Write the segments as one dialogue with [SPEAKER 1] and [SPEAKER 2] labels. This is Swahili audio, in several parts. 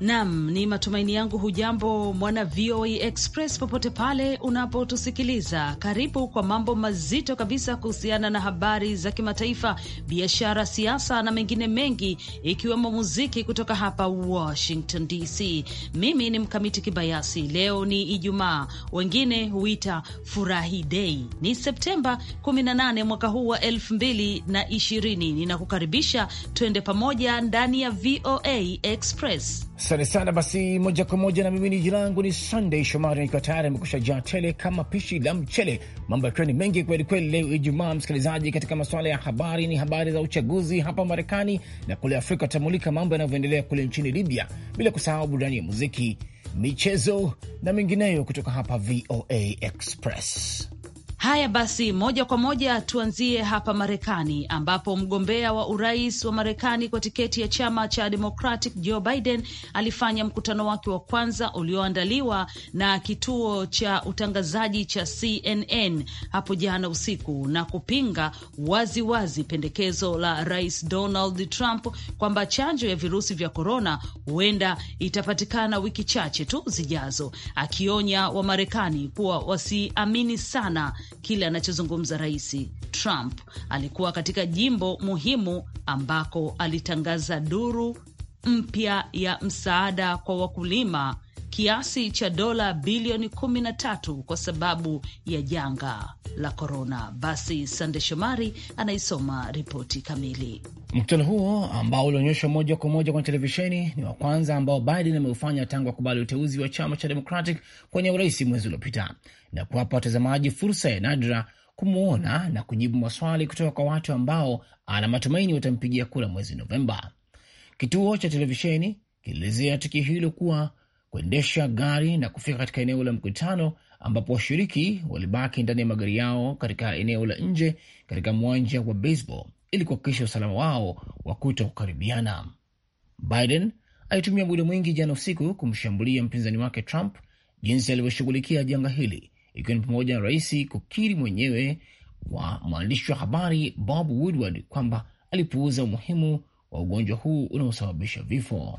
[SPEAKER 1] Nam, ni matumaini yangu hujambo mwana VOA Express popote pale unapotusikiliza. Karibu kwa mambo mazito kabisa kuhusiana na habari za kimataifa, biashara, siasa na mengine mengi, ikiwemo muziki kutoka hapa Washington DC. Mimi ni Mkamiti Kibayasi. Leo ni Ijumaa, wengine huita furahi dei. Ni Septemba 18 mwaka huu wa 2020. Ninakukaribisha tuende pamoja ndani ya VOA Express.
[SPEAKER 2] Asante sana. Basi moja kwa moja na mimi ni jina langu ni Sunday Shomari, nikiwa tayari amekusha jaa tele kama pishi la mchele, mambo yakiwa ni mengi kweli kweli. Leo Ijumaa, msikilizaji, katika masuala ya habari ni habari za uchaguzi hapa Marekani na kule Afrika, atamulika mambo yanavyoendelea kule nchini Libya, bila kusahau burudani ya muziki, michezo na mengineyo kutoka hapa VOA Express.
[SPEAKER 1] Haya basi, moja kwa moja tuanzie hapa Marekani, ambapo mgombea wa urais wa Marekani kwa tiketi ya chama cha Democratic Joe Biden alifanya mkutano wake wa kwanza ulioandaliwa na kituo cha utangazaji cha CNN hapo jana usiku na kupinga waziwazi wazi pendekezo la Rais Donald Trump kwamba chanjo ya virusi vya korona huenda itapatikana wiki chache tu zijazo, akionya Wamarekani kuwa wasiamini sana kile anachozungumza Rais Trump. Alikuwa katika jimbo muhimu ambako alitangaza duru mpya ya msaada kwa wakulima kiasi cha dola bilioni 13 kwa sababu ya janga la korona. Basi Sande Shomari anaisoma ripoti kamili.
[SPEAKER 2] Mkutano huo ambao ulionyeshwa moja kwa moja kwenye televisheni ni wa kwanza ambao Biden ameufanya tangu akubali uteuzi wa chama cha Democratic kwenye urais mwezi uliopita, na kuwapa watazamaji fursa ya nadra kumwona na kujibu maswali kutoka kwa watu ambao ana matumaini watampigia kura mwezi Novemba. Kituo cha televisheni kilielezea tukio hilo kuwa kuendesha gari na kufika katika eneo la mkutano ambapo washiriki walibaki ndani ya magari yao katika eneo la nje katika mwanja wa baseball ili kuhakikisha usalama wao wa kuto kukaribiana. Biden alitumia muda mwingi jana usiku kumshambulia mpinzani wake Trump jinsi alivyoshughulikia janga hili, ikiwa ni pamoja na rais kukiri mwenyewe kwa mwandishi wa habari Bob Woodward kwamba alipuuza umuhimu wa ugonjwa huu unaosababisha vifo.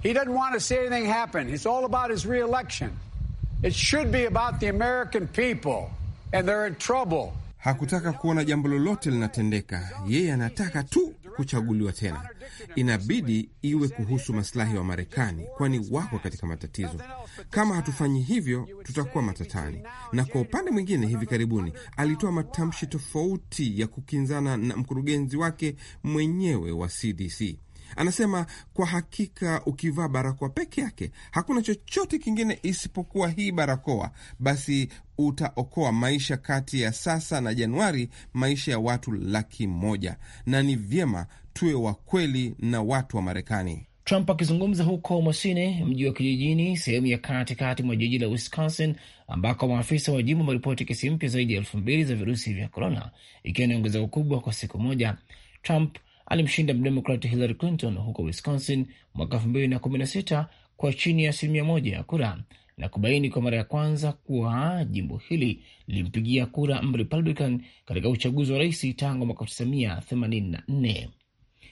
[SPEAKER 3] Hakutaka kuona jambo lolote linatendeka. Yeye anataka tu kuchaguliwa tena. Inabidi iwe kuhusu masilahi wa Marekani, kwani wako katika matatizo. Kama hatufanyi hivyo, tutakuwa matatani. Na kwa upande mwingine, hivi karibuni alitoa matamshi tofauti ya kukinzana na mkurugenzi wake mwenyewe wa CDC. Anasema kwa hakika, ukivaa barakoa peke yake hakuna chochote kingine isipokuwa hii barakoa, basi utaokoa maisha kati ya sasa na Januari, maisha ya watu laki moja, na ni vyema tuwe wa kweli na watu wa Marekani.
[SPEAKER 2] Trump akizungumza huko Mosine, mji wa kijijini, sehemu ya katikati mwa jiji la Wisconsin, ambako maafisa wa jimbo wameripoti kesi mpya zaidi ya elfu mbili za virusi vya korona, ikiwa ni ongezeko kubwa kwa siku moja. Trump alimshinda mdemokrat Hillary Clinton huko Wisconsin mwaka 2016 kwa chini ya asilimia moja ya kura na kubaini kwa mara ya kwanza kuwa jimbo hili lilimpigia kura Mrepublican katika uchaguzi wa rais tangu mwaka 1984.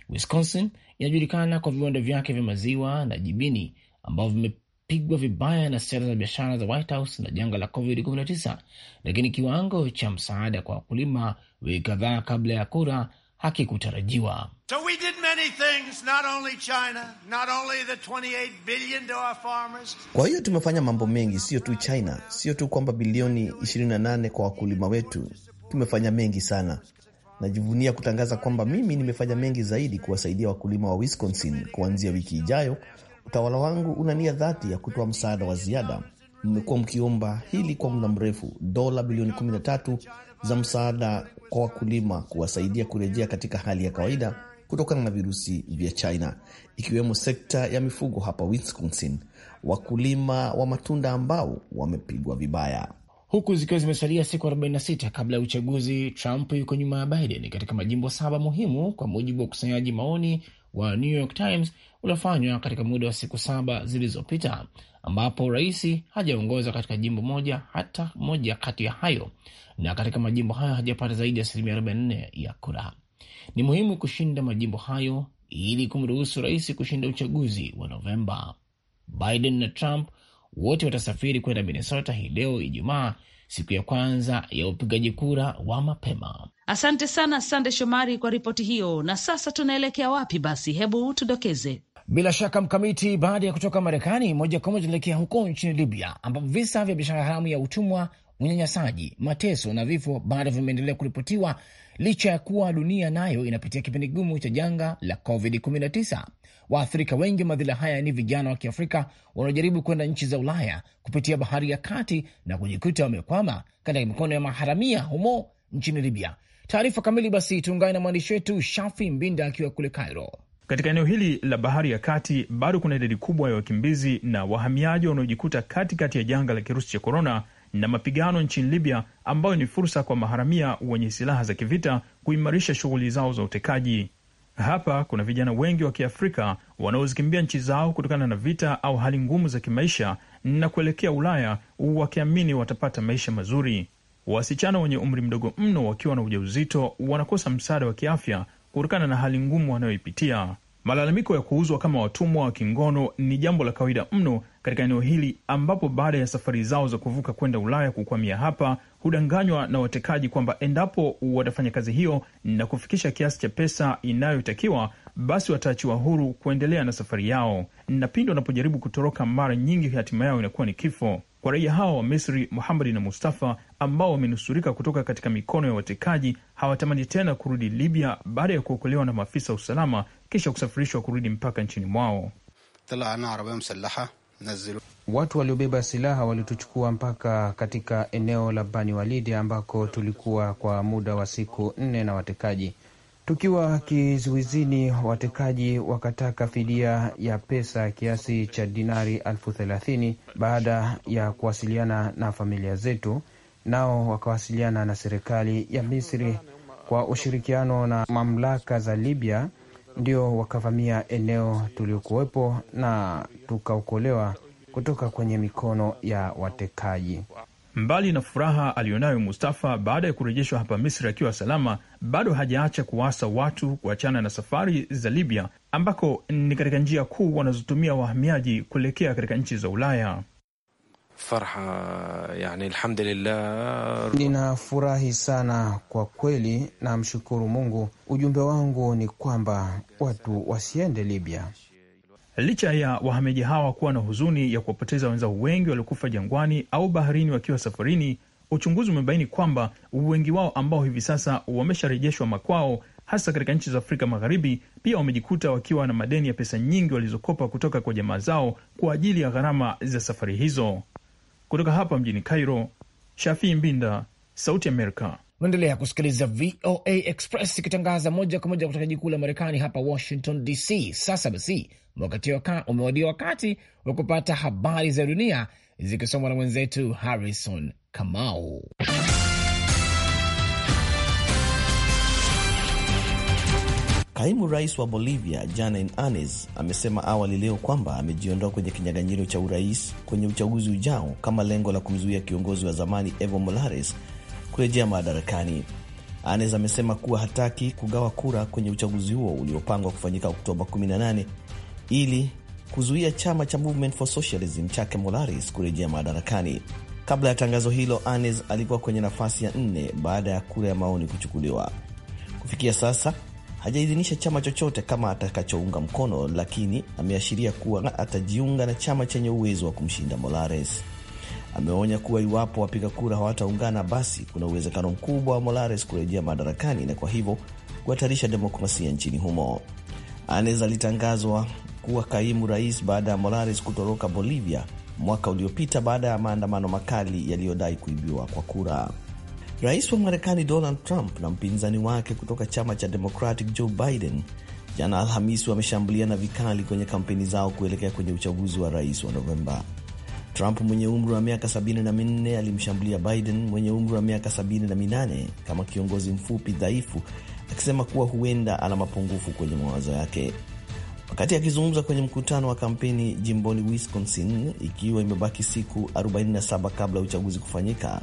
[SPEAKER 2] Wisconsin inajulikana kwa viwanda vyake vya maziwa na jibini ambavyo vimepigwa vibaya na sera za biashara za White House na janga la COVID-19, lakini kiwango cha msaada kwa wakulima wiki kadhaa kabla ya kura hakikutarajiwa.
[SPEAKER 4] So we did many things, not only China, not only the 28 billion to our farmers.
[SPEAKER 2] Kwa hiyo tumefanya
[SPEAKER 5] mambo mengi, sio tu China, sio tu kwamba bilioni 28 kwa wakulima wetu. Tumefanya mengi sana. Najivunia kutangaza kwamba mimi nimefanya mengi zaidi kuwasaidia wakulima wa Wisconsin. Kuanzia wiki ijayo, utawala wangu una nia dhati ya kutoa msaada wa ziada. Mmekuwa mkiomba hili kwa muda mrefu, dola bilioni 13 za msaada kwa wakulima kuwasaidia kurejea katika hali ya kawaida kutokana na virusi vya China, ikiwemo sekta ya mifugo hapa Wisconsin, wakulima wa matunda ambao wamepigwa vibaya
[SPEAKER 2] huku zikiwa zimesalia siku 46 kabla ya uchaguzi. Trump yuko nyuma ya Biden katika majimbo saba muhimu, kwa mujibu wa ukusanyaji maoni wa New York Times uliofanywa katika muda wa siku saba zilizopita, ambapo rais hajaongoza katika jimbo moja hata moja kati ya hayo, na katika majimbo hayo hajapata zaidi ya asilimia 44 ya kura. Ni muhimu kushinda majimbo hayo ili kumruhusu rais kushinda uchaguzi wa Novemba. Biden na Trump wote watasafiri kwenda Minnesota hii leo Ijumaa, siku ya kwanza ya upigaji kura wa mapema.
[SPEAKER 1] Asante sana Sande Shomari kwa ripoti hiyo. Na sasa tunaelekea wapi? Basi hebu tudokeze bila
[SPEAKER 2] shaka mkamiti. Baada ya kutoka Marekani, moja kwa moja tunaelekea huko nchini Libya, ambapo visa vya biashara haramu ya utumwa, unyanyasaji, mateso na vifo bado vimeendelea kuripotiwa licha ya kuwa dunia nayo inapitia kipindi kigumu cha janga la COVID-19. Waathirika wengi wa madhila haya ni vijana wa Kiafrika wanaojaribu kwenda nchi za Ulaya kupitia bahari ya kati na kujikuta wamekwama katika mikono ya maharamia humo nchini Libya. Taarifa kamili basi, tuungane na mwandishi wetu Shafi Mbinda akiwa kule Cairo.
[SPEAKER 6] Katika eneo hili la bahari ya kati bado kuna idadi kubwa ya wakimbizi na wahamiaji wanaojikuta katikati ya janga la kirusi cha korona na mapigano nchini Libya, ambayo ni fursa kwa maharamia wenye silaha za kivita kuimarisha shughuli zao za utekaji. Hapa kuna vijana wengi wa Kiafrika wanaozikimbia nchi zao kutokana na vita au hali ngumu za kimaisha na kuelekea Ulaya wakiamini watapata maisha mazuri. Wasichana wenye umri mdogo mno wakiwa na ujauzito wanakosa msaada wa kiafya kutokana na hali ngumu wanayoipitia. Malalamiko ya kuuzwa kama watumwa wa kingono ni jambo la kawaida mno katika eneo hili, ambapo baada ya safari zao za kuvuka kwenda Ulaya kukwamia hapa hudanganywa na watekaji kwamba endapo watafanya kazi hiyo na kufikisha kiasi cha pesa inayotakiwa basi wataachiwa huru kuendelea na safari yao, na pindi wanapojaribu kutoroka, mara nyingi hatima yao inakuwa ni kifo kwa raia hao wa Misri, Muhamadi na Mustafa, ambao wamenusurika kutoka katika mikono ya watekaji, hawatamani tena kurudi Libya baada ya kuokolewa na maafisa wa usalama kisha kusafirishwa kurudi mpaka nchini mwao. Watu waliobeba
[SPEAKER 3] silaha walituchukua mpaka katika eneo la Bani Walidi ambako tulikuwa kwa muda wa siku nne na watekaji Tukiwa kizuizini, watekaji wakataka fidia ya pesa kiasi cha dinari elfu thelathini baada ya kuwasiliana na familia zetu, nao wakawasiliana na serikali ya Misri kwa ushirikiano na mamlaka za Libya, ndio wakavamia eneo tuliokuwepo na tukaokolewa kutoka kwenye mikono
[SPEAKER 6] ya watekaji. Mbali na furaha aliyonayo Mustafa baada ya kurejeshwa hapa Misri akiwa salama, bado hajaacha kuwaasa watu kuachana na safari za Libya ambako ni katika njia kuu wanazotumia wahamiaji kuelekea katika nchi za Ulaya.
[SPEAKER 3] Farha, yani, alhamdulillah,
[SPEAKER 6] ninafurahi sana
[SPEAKER 3] kwa kweli, namshukuru Mungu. Ujumbe wangu ni kwamba watu wasiende
[SPEAKER 6] Libya. Licha ya wahamiaji hawa kuwa na huzuni ya kuwapoteza wenzao wengi waliokufa jangwani au baharini wakiwa safarini, uchunguzi umebaini kwamba wengi wao ambao hivi sasa wamesharejeshwa makwao, hasa katika nchi za Afrika Magharibi, pia wamejikuta wakiwa na madeni ya pesa nyingi walizokopa kutoka kwa jamaa zao kwa ajili ya gharama za safari hizo. Kutoka hapa mjini Cairo, Shafii Mbinda, Sauti Amerika.
[SPEAKER 2] Unaendelea kusikiliza VOA Express
[SPEAKER 6] ikitangaza moja kwa moja kutoka jikuu la Marekani, hapa Washington DC.
[SPEAKER 2] Sasa basi umewadia wakati wa kupata habari za dunia zikisomwa na mwenzetu Harrison Kamau. Kaimu rais wa Bolivia janin
[SPEAKER 5] anes amesema awali leo kwamba amejiondoa kwenye kinyang'anyiro cha urais kwenye uchaguzi ujao kama lengo la kumzuia kiongozi wa zamani Evo Morales kurejea madarakani. anes amesema kuwa hataki kugawa kura kwenye uchaguzi huo uliopangwa kufanyika Oktoba 18 ili kuzuia chama cha Movement for Socialism chake Molaris kurejea madarakani. Kabla ya tangazo hilo, Anes alikuwa kwenye nafasi ya nne baada ya kura ya maoni kuchukuliwa. Kufikia sasa hajaidhinisha chama chochote kama atakachounga mkono, lakini ameashiria kuwa atajiunga na chama chenye uwezo wa kumshinda Molares. Ameonya kuwa iwapo wapiga kura hawataungana, basi kuna uwezekano mkubwa wa Molares kurejea madarakani na kwa hivyo kuhatarisha demokrasia nchini humo. Anes alitangazwa kuwa kaimu rais baada ya Morales kutoroka Bolivia mwaka uliopita baada ya maandamano makali yaliyodai kuibiwa kwa kura. Rais wa Marekani Donald Trump na mpinzani wake kutoka chama cha Democratic Joe Biden jana Alhamisi wameshambuliana vikali kwenye kampeni zao kuelekea kwenye uchaguzi wa rais wa Novemba. Trump mwenye umri wa miaka 74 alimshambulia Biden mwenye umri wa miaka 78 kama kiongozi mfupi dhaifu, akisema kuwa huenda ana mapungufu kwenye mawazo yake. Wakati akizungumza kwenye mkutano wa kampeni jimboni Wisconsin, ikiwa imebaki siku 47 kabla ya uchaguzi kufanyika,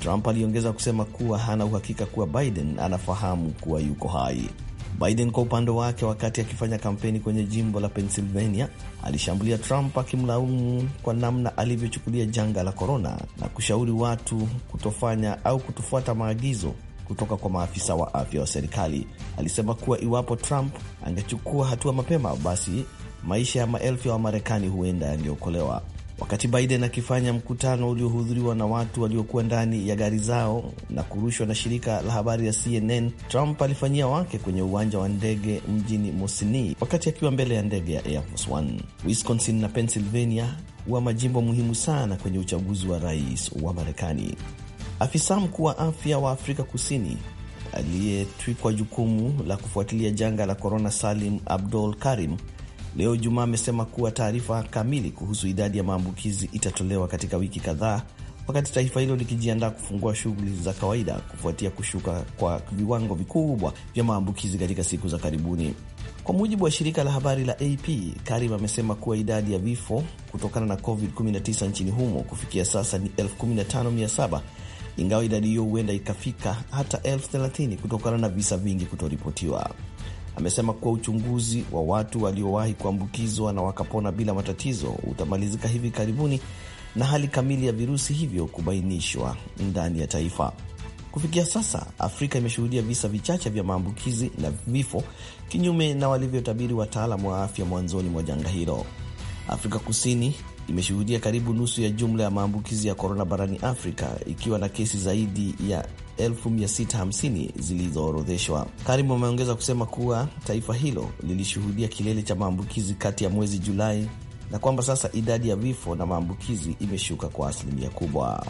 [SPEAKER 5] Trump aliongeza kusema kuwa hana uhakika kuwa Biden anafahamu kuwa yuko hai. Biden kwa upande wake, wakati akifanya kampeni kwenye jimbo la Pennsylvania, alishambulia Trump akimlaumu kwa namna alivyochukulia janga la korona na kushauri watu kutofanya au kutofuata maagizo kutoka kwa maafisa wa afya wa serikali. Alisema kuwa iwapo Trump angechukua hatua mapema, basi maisha ya maelfu ya Wamarekani huenda yangeokolewa. Wakati Biden akifanya mkutano uliohudhuriwa na watu waliokuwa ndani ya gari zao na kurushwa na shirika la habari ya CNN, Trump alifanyia wake kwenye uwanja wa ndege mjini Mosini wakati akiwa mbele ya ndege ya Air Force One. Wisconsin na Pennsylvania huwa majimbo muhimu sana kwenye uchaguzi wa rais wa Marekani. Afisa mkuu wa afya wa Afrika Kusini aliyetwikwa jukumu la kufuatilia janga la korona, Salim Abdul Karim, leo Jumaa, amesema kuwa taarifa kamili kuhusu idadi ya maambukizi itatolewa katika wiki kadhaa, wakati taifa hilo likijiandaa kufungua shughuli za kawaida kufuatia kushuka kwa viwango vikubwa vya maambukizi katika siku za karibuni. Kwa mujibu wa shirika la habari la AP, Karim amesema kuwa idadi ya vifo kutokana na COVID-19 nchini humo kufikia sasa ni 15700 ingawa idadi hiyo huenda ikafika hata elfu thelathini kutokana na visa vingi kutoripotiwa. Amesema kuwa uchunguzi wa watu waliowahi kuambukizwa na wakapona bila matatizo utamalizika hivi karibuni na hali kamili ya virusi hivyo kubainishwa ndani ya taifa. Kufikia sasa, Afrika imeshuhudia visa vichache vya maambukizi na vifo, kinyume na walivyotabiri wataalam wa afya mwanzoni mwa janga hilo. Afrika Kusini imeshuhudia karibu nusu ya jumla ya maambukizi ya korona barani Afrika ikiwa na kesi zaidi ya 650 zilizoorodheshwa. Karim ameongeza kusema kuwa taifa hilo lilishuhudia kilele cha maambukizi kati ya mwezi Julai na kwamba sasa idadi ya vifo na maambukizi imeshuka kwa asilimia kubwa.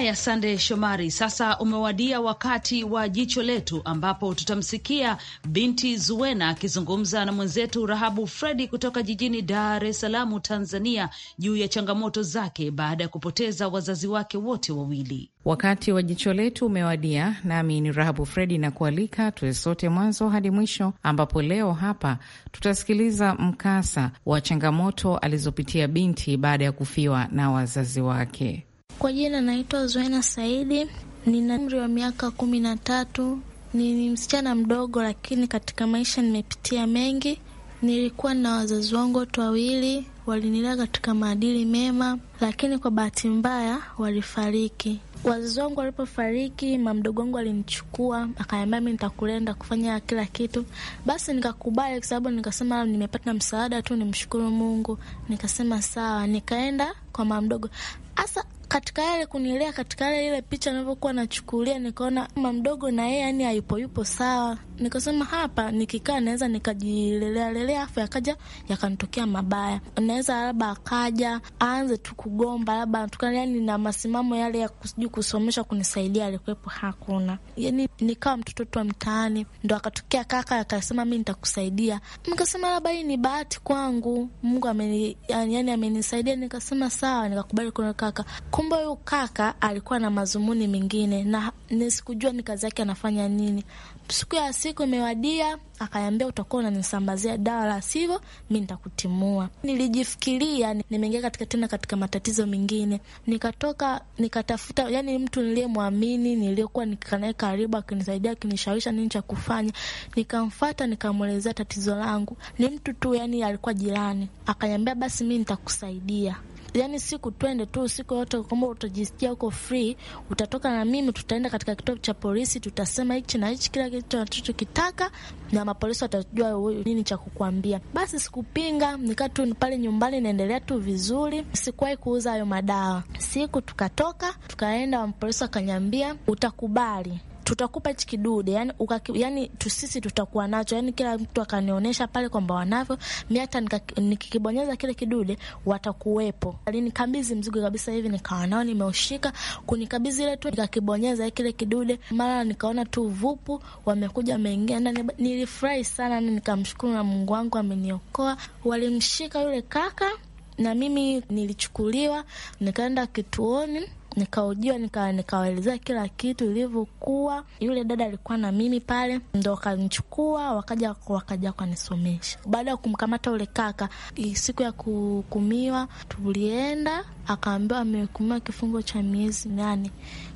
[SPEAKER 1] Haya, Sande Shomari, sasa umewadia wakati wa jicho letu, ambapo tutamsikia binti Zuena akizungumza na mwenzetu Rahabu Fredi kutoka jijini Dar es Salaam, Tanzania, juu ya changamoto zake baada ya kupoteza wazazi wake wote wawili.
[SPEAKER 4] Wakati wa jicho letu umewadia, nami ni Rahabu Fredi na kualika tuwe sote mwanzo hadi mwisho, ambapo leo hapa tutasikiliza mkasa wa changamoto alizopitia binti baada ya kufiwa na wazazi wake.
[SPEAKER 7] Kwa jina naitwa Zuena Saidi, nina umri wa miaka kumi na tatu. Ni msichana mdogo, lakini katika maisha nimepitia mengi. Nilikuwa na wazazi wangu wote wawili, walinilea katika maadili mema, lakini kwa bahati mbaya walifariki. Wazazi wangu walipofariki, mama mdogo wangu alinichukua akaniambia, mimi nitakulenda kufanya kila kitu. Basi nikakubali, kwa sababu nikasema nimepata msaada tu, nimshukuru Mungu. Nikasema sawa, nikaenda kwa mama mdogo. Hasa katika yale kunilea, katika yale ile picha nilivyokuwa nachukulia, nikaona mama mdogo na yeye yani hayupo yupo sawa. Nikasema hapa nikikaa naweza nikajilelea lelea, afu yakaja yakanitokea mabaya, naweza labda akaja aanze tu kugomba, labda tukana, yani na masimamo yale ya sijui kusomesha kunisaidia alikuwepo hakuna, yani nikawa mtoto tu wa mtaani. Ndo akatokea kaka akasema mi nitakusaidia, nikasema labda hii ni bahati kwangu, Mungu ameni, yani amenisaidia. Nikasema sawa, nikakubali kuna kaka Kumbe huyu kaka alikuwa na mazumuni mengine, na nisikujua ni kazi yake anafanya nini. Siku ya siku imewadia, akaniambia utakuwa unanisambazia dawa, la sivyo mi nitakutimua. Nilijifikiria nimeingia katika tena katika matatizo mengine, nikatoka nikatafuta, yani mtu niliyemwamini, niliyokuwa nikanae karibu, akinisaidia, akinishawisha nini cha kufanya. Nikamfata, nikamwelezea tatizo langu. Ni mtu tu, yani alikuwa jirani, akaniambia basi mi nitakusaidia yani siku twende tu siku yote, kwamba utajisikia uko free, utatoka na mimi, tutaenda katika kituo cha polisi, tutasema hichi na hichi, kila kitu tunachokitaka, na mapolisi watajua nini cha kukwambia. Basi sikupinga, nikaa tu pale nyumbani, naendelea tu vizuri, sikuwahi kuuza hayo madawa. Siku tukatoka tukaenda, mapolisi wakanyambia utakubali tutakupa hichi kidude yani, ukaki, yani tusisi tutakuwa nacho yani, kila mtu akanionyesha pale kwamba wanavyo mi hata nikikibonyeza kile kidude watakuwepo. Alinikabidhi mzigo kabisa hivi, nikawa nao nimeushika, kunikabidhi ile tu, nikakibonyeza kile kidude, mara nikaona tu vupu, wamekuja wameingia ndani. Nilifurahi sana, nikamshukuru na Mungu wangu ameniokoa. Walimshika yule kaka na mimi nilichukuliwa nikaenda kituoni nikawaelezea nika nikawaelezea kila kitu ilivyokuwa. Yule dada alikuwa na mimi pale, ndo wakanichukua wakaja wakaja wakanisomesha. Baada ya kumkamata ule kaka, siku ya kuhukumiwa tulienda, akaambiwa amehukumiwa kifungo cha miezi nane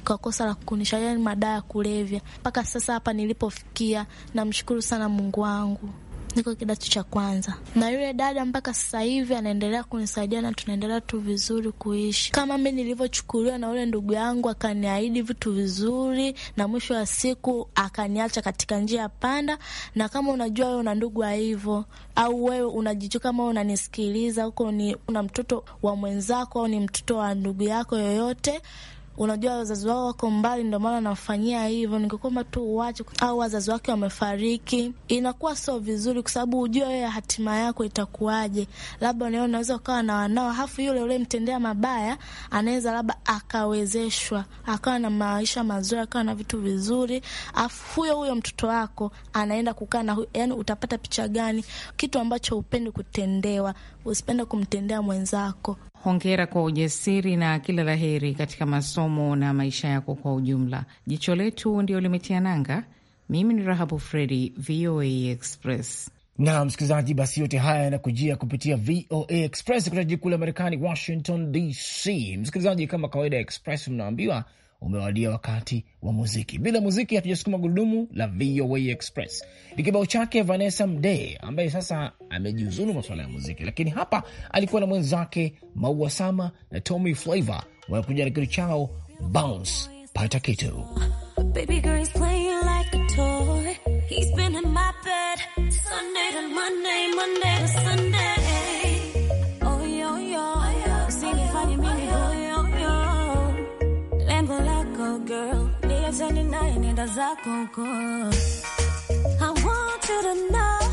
[SPEAKER 7] kwa kosa la kukunisha, yani madawa ya kulevya. Mpaka sasa hapa nilipofikia, namshukuru sana Mungu wangu niko kidato cha kwanza, na yule dada mpaka sasa hivi anaendelea kunisaidia na tunaendelea tu vizuri kuishi kama mi nilivyochukuliwa na ule ndugu yangu, akaniahidi vitu vizuri na mwisho wa siku akaniacha katika njia ya panda. Na kama unajua wewe una ndugu wa hivyo, au wewe unajijua kama unanisikiliza huko, ni una mtoto wa mwenzako au ni mtoto wa ndugu yako yoyote unajua wazazi wao wako mbali, ndio maana anafanyia hivyo. Ningekwamba tu uwache, au wazazi wake wamefariki, inakuwa sio vizuri, kwa sababu hujua wewe hatima yako itakuwaje. Labda nawe unaweza ukawa na wanao, halafu yule ule mtendea mabaya anaweza labda akawezeshwa akawa na maisha mazuri, akawa na vitu vizuri, afu huyo huyo mtoto wako anaenda kukaa na huyo. Yani utapata picha gani? Kitu ambacho upendi kutendewa, usipende kumtendea mwenzako
[SPEAKER 4] hongera kwa ujasiri na kila la heri katika masomo na maisha yako kwa ujumla. Jicho letu ndio limetia nanga. Mimi ni Rahabu Fredi, VOA Express
[SPEAKER 2] na msikilizaji, basi yote haya yanakujia kupitia VOA Express kutoka jiji kuu la Marekani, Washington DC. Msikilizaji, kama kawaida ya Express, mnaambiwa umewadia wakati wa muziki. Bila muziki hatujasukuma gurudumu la VOA Express. Ni kibao chake Vanessa Mdee ambaye sasa amejiuzulu masuala ya muziki, lakini hapa alikuwa na mwenzake Maua Sama na Tommy Flavor wanakuja na kitu chao Bounce, pata kitu
[SPEAKER 8] nenda zako huko. I want you to know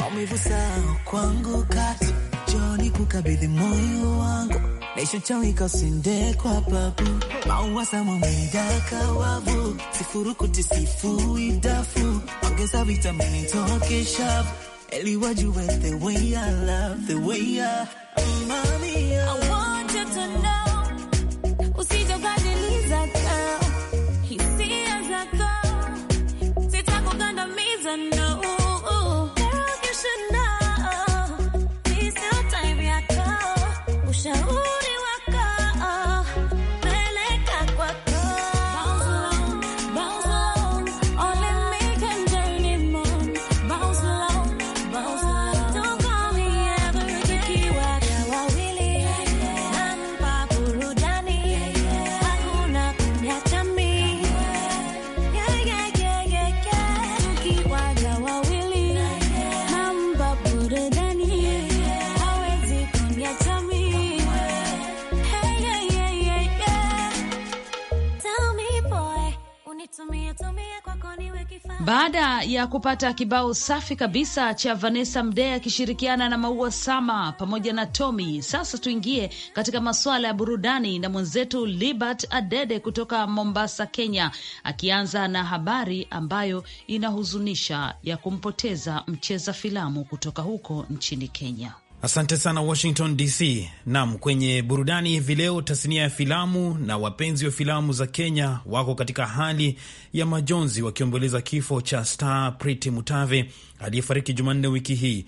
[SPEAKER 5] maumivu sao kwangu kati joni kukabidhi moyo wangu naishochawika sindekwa babu mauwasamamidaka
[SPEAKER 8] wavu sifurukuti sifuidafu ongeza vitamini toke shavu eliwajuwe the way I love the way I, oh,
[SPEAKER 1] Baada ya kupata kibao safi kabisa cha Vanessa Mdee akishirikiana na Maua Sama pamoja na Tommy, sasa tuingie katika masuala ya burudani na mwenzetu Libert Adede kutoka Mombasa, Kenya, akianza na habari ambayo inahuzunisha ya kumpoteza mcheza filamu kutoka huko nchini Kenya.
[SPEAKER 3] Asante sana Washington DC. Nam, kwenye burudani hivi leo, tasnia ya filamu na wapenzi wa filamu za Kenya wako katika hali ya majonzi wakiomboleza kifo cha star Priti Mutave aliyefariki Jumanne wiki hii.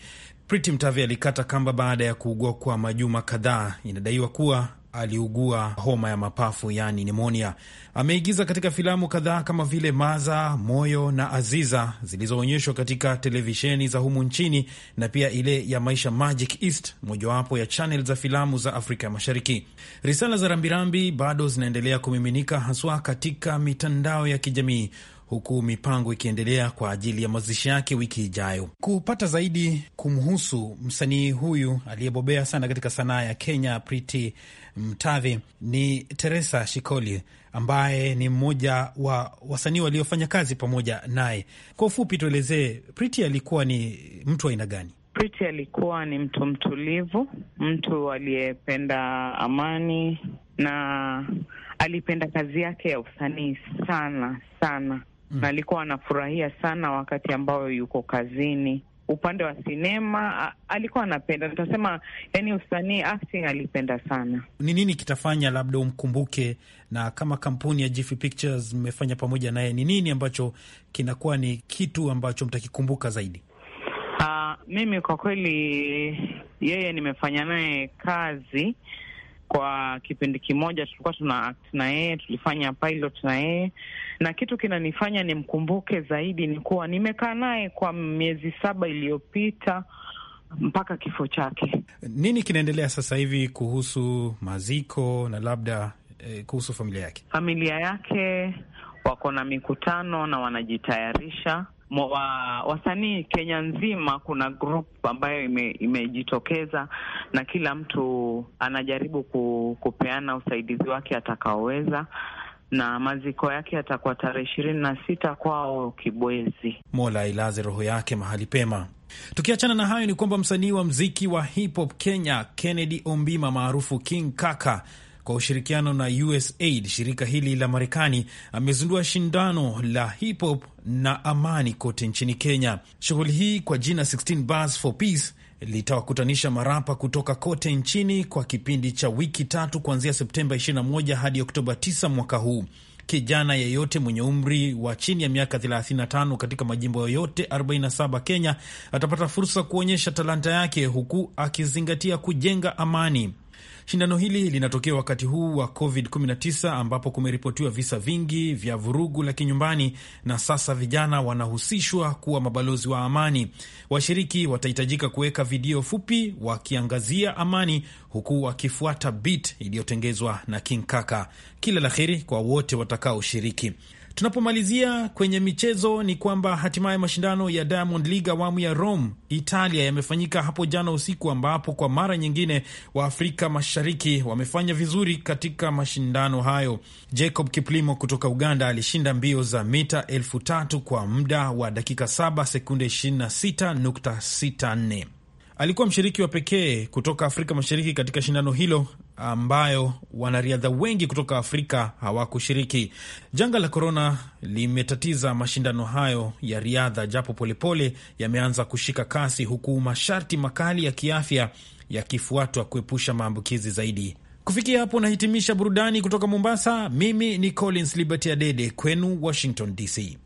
[SPEAKER 3] Priti Mtave alikata kamba baada ya kuugua kwa majuma kadhaa. Inadaiwa kuwa aliugua homa ya mapafu yani nimonia. Ameigiza katika filamu kadhaa kama vile Maza, Moyo na Aziza zilizoonyeshwa katika televisheni za humu nchini na pia ile ya Maisha Magic East, mojawapo ya channel za filamu za Afrika Mashariki. Risala za rambirambi bado zinaendelea kumiminika haswa katika mitandao ya kijamii huku mipango ikiendelea kwa ajili ya mazishi yake wiki ijayo. Kupata zaidi kumhusu msanii huyu aliyebobea sana katika sanaa ya Kenya, Priti Mtavi ni Teresa Shikoli ambaye ni mmoja wa wasanii waliofanya kazi pamoja naye. Kwa ufupi, tuelezee Priti alikuwa ni mtu aina gani?
[SPEAKER 4] Priti alikuwa ni mtu mtulivu, mtu aliyependa amani na alipenda kazi yake ya usanii sana sana, mm. na alikuwa anafurahia sana wakati ambayo yuko kazini upande wa sinema alikuwa anapenda, nitasema yani usanii acting alipenda sana.
[SPEAKER 3] Ni nini kitafanya labda umkumbuke, na kama kampuni ya Jiffy Pictures mmefanya pamoja naye, ni nini ambacho kinakuwa ni kitu ambacho mtakikumbuka zaidi?
[SPEAKER 4] Uh, mimi kwa kweli yeye nimefanya naye kazi kwa kipindi kimoja tulikuwa tuna act na yeye, tulifanya pilot na yeye, na kitu kinanifanya nimkumbuke zaidi ni kuwa nimekaa naye kwa miezi saba iliyopita mpaka kifo chake.
[SPEAKER 3] Nini kinaendelea sasa hivi kuhusu maziko na labda eh, kuhusu familia yake?
[SPEAKER 4] Familia yake wako na mikutano na wanajitayarisha wa wasanii Kenya nzima, kuna group ambayo ime, imejitokeza na kila mtu anajaribu ku, kupeana usaidizi wake atakaoweza na maziko yake yatakuwa tarehe ishirini na sita kwao Kibwezi.
[SPEAKER 3] Mola ailaze roho yake mahali pema. Tukiachana na hayo, ni kwamba msanii wa mziki wa hip hop Kenya Kennedy Ombima maarufu King Kaka kwa ushirikiano na USAID, shirika hili la Marekani, amezindua shindano la hip hop na amani kote nchini Kenya. Shughuli hii kwa jina 16 Bars for Peace litawakutanisha marapa kutoka kote nchini kwa kipindi cha wiki tatu kuanzia Septemba 21 hadi Oktoba 9 mwaka huu. Kijana yeyote mwenye umri wa chini ya miaka 35 katika majimbo yoyote 47 Kenya atapata fursa kuonyesha talanta yake huku akizingatia kujenga amani. Shindano hili linatokea wakati huu wa COVID-19 ambapo kumeripotiwa visa vingi vya vurugu la kinyumbani, na sasa vijana wanahusishwa kuwa mabalozi wa amani. Washiriki watahitajika kuweka video fupi wakiangazia amani, huku wakifuata beat iliyotengezwa na King Kaka. Kila la heri kwa wote watakaoshiriki. Tunapomalizia kwenye michezo ni kwamba hatimaye mashindano ya Diamond League awamu ya Rome Italia yamefanyika hapo jana usiku, ambapo kwa mara nyingine wa Afrika Mashariki wamefanya vizuri katika mashindano hayo. Jacob Kiplimo kutoka Uganda alishinda mbio za mita elfu tatu kwa muda wa dakika 7 sekunde 26.64. Alikuwa mshiriki wa pekee kutoka Afrika Mashariki katika shindano hilo ambayo wanariadha wengi kutoka Afrika hawakushiriki. Janga la korona limetatiza mashindano hayo ya riadha, japo polepole yameanza kushika kasi, huku masharti makali ya kiafya yakifuatwa kuepusha maambukizi zaidi. Kufikia hapo nahitimisha burudani kutoka Mombasa. Mimi ni Collins Liberty Adede kwenu Washington DC.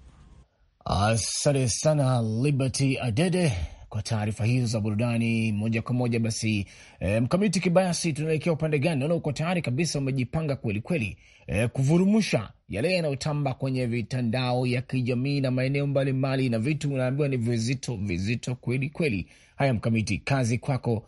[SPEAKER 2] Asante sana Liberty Adede kwa taarifa hizo za burudani moja kwa moja. Basi e, Mkamiti Kibayasi, tunaelekea upande gani? Naona uko tayari kabisa, umejipanga kwelikweli e, kuvurumusha yale yanayotamba kwenye mitandao ya kijamii na maeneo mbalimbali, na vitu unaambiwa ni vizito vizito kwelikweli. Haya Mkamiti, kazi kwako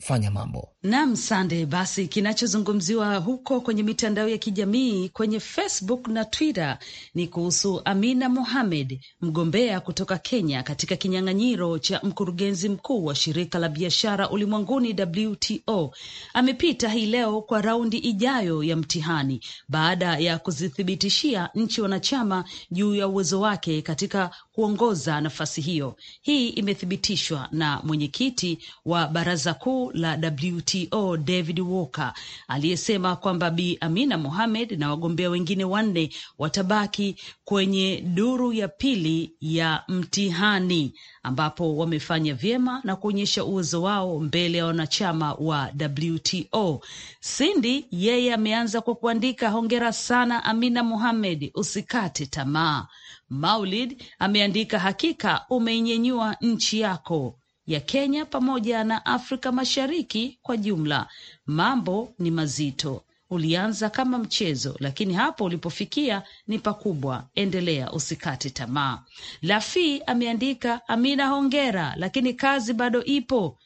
[SPEAKER 2] fanya mambo
[SPEAKER 1] nam sande. Basi kinachozungumziwa huko kwenye mitandao ya kijamii kwenye Facebook na Twitter ni kuhusu Amina Mohamed, mgombea kutoka Kenya katika kinyang'anyiro cha mkurugenzi mkuu wa shirika la biashara ulimwenguni WTO. Amepita hii leo kwa raundi ijayo ya mtihani baada ya kuzithibitishia nchi wanachama juu ya uwezo wake katika kuongoza nafasi hiyo. Hii imethibitishwa na mwenyekiti wa baraza kuu la WTO David Walker aliyesema kwamba Bi Amina Mohamed na wagombea wengine wanne watabaki kwenye duru ya pili ya mtihani ambapo wamefanya vyema na kuonyesha uwezo wao mbele ya wanachama wa WTO. Sindi yeye ameanza kwa kuandika hongera sana Amina Mohamed, usikate tamaa. Maulid ameandika hakika umeinyenyua nchi yako ya Kenya pamoja na Afrika Mashariki kwa jumla. Mambo ni mazito, ulianza kama mchezo, lakini hapo ulipofikia ni pakubwa. Endelea, usikate tamaa. Lafi ameandika Amina, hongera, lakini kazi bado ipo,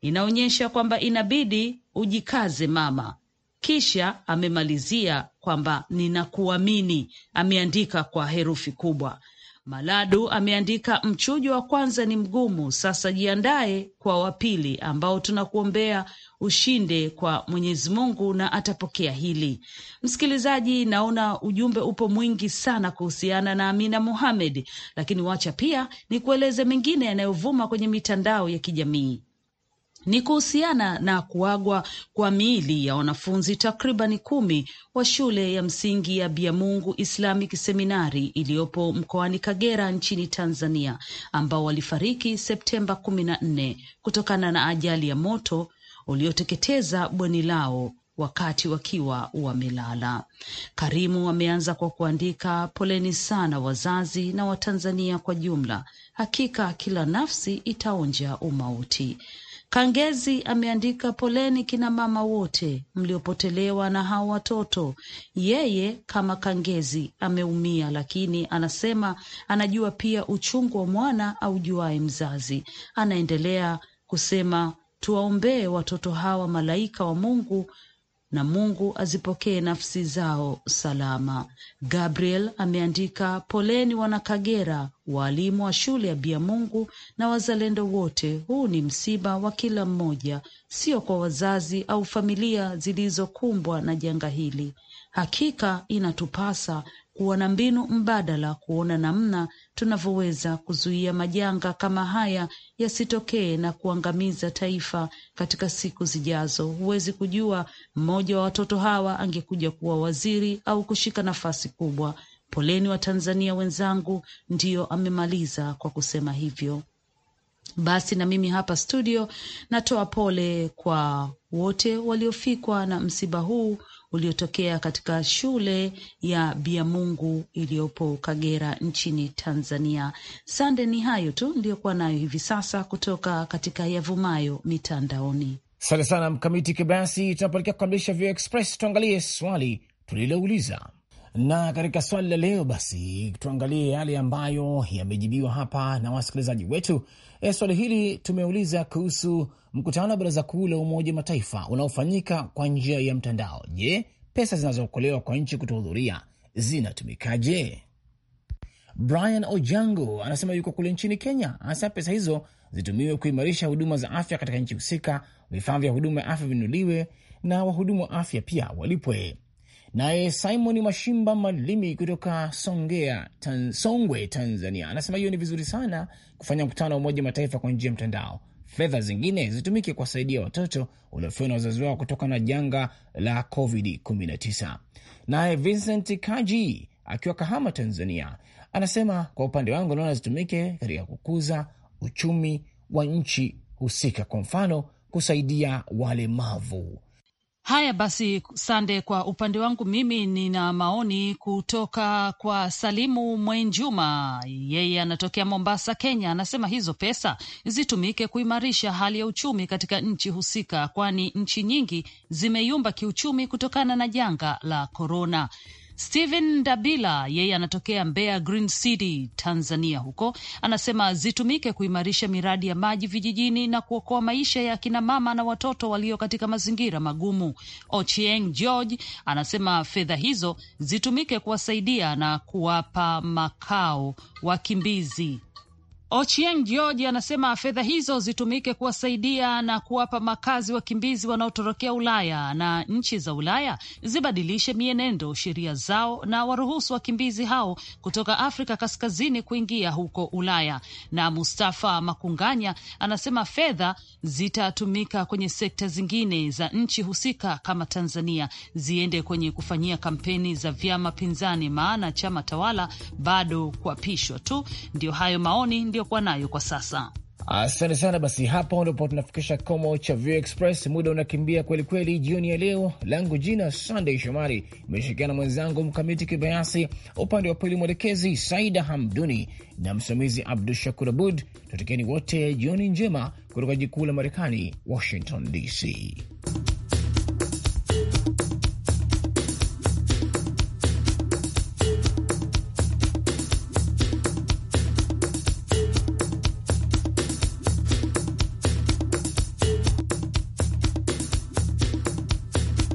[SPEAKER 1] inaonyesha kwamba inabidi ujikaze mama. Kisha amemalizia kwamba ninakuamini, ameandika kwa herufi kubwa. Maladu ameandika mchujo wa kwanza ni mgumu, sasa jiandaye kwa wa pili ambao tunakuombea ushinde kwa Mwenyezi Mungu na atapokea hili. Msikilizaji, naona ujumbe upo mwingi sana kuhusiana na Amina Mohamed, lakini wacha pia nikueleze mengine yanayovuma kwenye mitandao ya kijamii ni kuhusiana na kuagwa kwa miili ya wanafunzi takribani kumi wa shule ya msingi ya Biamungu Islamic Seminari iliyopo mkoani Kagera nchini Tanzania, ambao walifariki Septemba kumi na nne kutokana na ajali ya moto ulioteketeza bweni lao wakati wakiwa wamelala. Karimu ameanza kwa kuandika, poleni sana wazazi na Watanzania kwa jumla, hakika kila nafsi itaonja umauti. Kangezi ameandika poleni kina mama wote mliopotelewa na hao watoto. Yeye kama Kangezi ameumia, lakini anasema anajua pia uchungu wa mwana aujuaye mzazi. Anaendelea kusema tuwaombee watoto hawa malaika wa Mungu na Mungu azipokee nafsi zao salama. Gabriel ameandika poleni Wanakagera, waalimu wa shule ya bia mungu na wazalendo wote. Huu ni msiba wa kila mmoja, sio kwa wazazi au familia zilizokumbwa na janga hili. Hakika inatupasa na mbinu mbadala, kuona namna tunavyoweza kuzuia majanga kama haya yasitokee na kuangamiza taifa katika siku zijazo. Huwezi kujua, mmoja wa watoto hawa angekuja kuwa waziri au kushika nafasi kubwa. Poleni wa tanzania wenzangu, ndiyo amemaliza kwa kusema hivyo. Basi na mimi hapa studio natoa pole kwa wote waliofikwa na msiba huu uliotokea katika shule ya Biamungu iliyopo Kagera nchini Tanzania. Sande, ni hayo tu niliyokuwa nayo hivi sasa kutoka katika yavumayo mitandaoni.
[SPEAKER 2] Asante sana Mkamiti Kibayasi. Tunapoelekea kukamilisha VOA Express, tuangalie swali tulilouliza na katika swali la leo basi tuangalie yale ambayo yamejibiwa hapa na wasikilizaji wetu. E, swali hili tumeuliza kuhusu mkutano wa baraza kuu la Umoja Mataifa unaofanyika kwa njia ya mtandao. Je, pesa zinazookolewa kwa nchi kutohudhuria zinatumikaje? Brian Ojango anasema yuko kule nchini Kenya, hasa pesa hizo zitumiwe kuimarisha huduma za afya katika nchi husika, vifaa vya huduma ya afya vinunuliwe na wahudumu wa afya pia walipwe. Naye Simon Mashimba Malimi kutoka Songea, Tan, Songwe, Tanzania anasema hiyo ni vizuri sana kufanya mkutano wa Umoja Mataifa kwa njia ya mtandao. Fedha zingine zitumike kuwasaidia watoto waliofiwa na wazazi wao kutoka na janga la COVID-19. Naye Vincent Kaji akiwa Kahama, Tanzania anasema kwa upande wangu naona zitumike katika kukuza uchumi wa nchi husika, kwa mfano kusaidia walemavu.
[SPEAKER 1] Haya basi, Sande, kwa upande wangu mimi nina maoni kutoka kwa Salimu Mwenjuma, yeye anatokea Mombasa, Kenya. Anasema hizo pesa zitumike kuimarisha hali ya uchumi katika nchi husika, kwani nchi nyingi zimeyumba kiuchumi kutokana na janga la korona. Steven Dabila yeye anatokea Mbeya Green City, Tanzania huko, anasema zitumike kuimarisha miradi ya maji vijijini na kuokoa maisha ya kina mama na watoto walio katika mazingira magumu. Ochieng George anasema fedha hizo zitumike kuwasaidia na kuwapa makao wakimbizi Ochieng George anasema fedha hizo zitumike kuwasaidia na kuwapa makazi wakimbizi wanaotorokea Ulaya na nchi za Ulaya zibadilishe mienendo, sheria zao na waruhusu wakimbizi hao kutoka Afrika Kaskazini kuingia huko Ulaya. Na Mustafa Makunganya anasema fedha zitatumika kwenye sekta zingine za nchi husika kama Tanzania, ziende kwenye kufanyia kampeni za vyama pinzani, maana chama tawala bado kuapishwa tu. Ndio hayo maoni tuliyokuwa nayo kwa sasa.
[SPEAKER 2] Asante sana. Basi hapo ndipo tunafikisha komo cha Vio Express. Muda unakimbia kwelikweli jioni ya leo. Langu jina Sunday Shomari, imeshirikiana mwenzangu Mkamiti Kibayasi, upande wa pili mwelekezi Saida Hamduni na msimamizi Abdu Shakur Abud. Tutikeni wote jioni njema kutoka jikuu la Marekani, Washington DC.